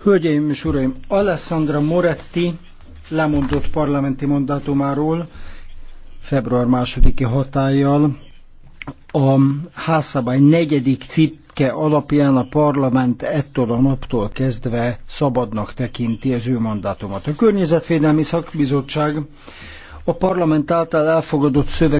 Hölgyeim és Uraim, Alessandra Moretti lemondott parlamenti mandátumáról február második hatállyal a házszabály negyedik cipke alapján a parlament ettől a naptól kezdve szabadnak tekinti az ő mandátumát. A Környezetvédelmi Szakbizottság a parlament által elfogadott szöveg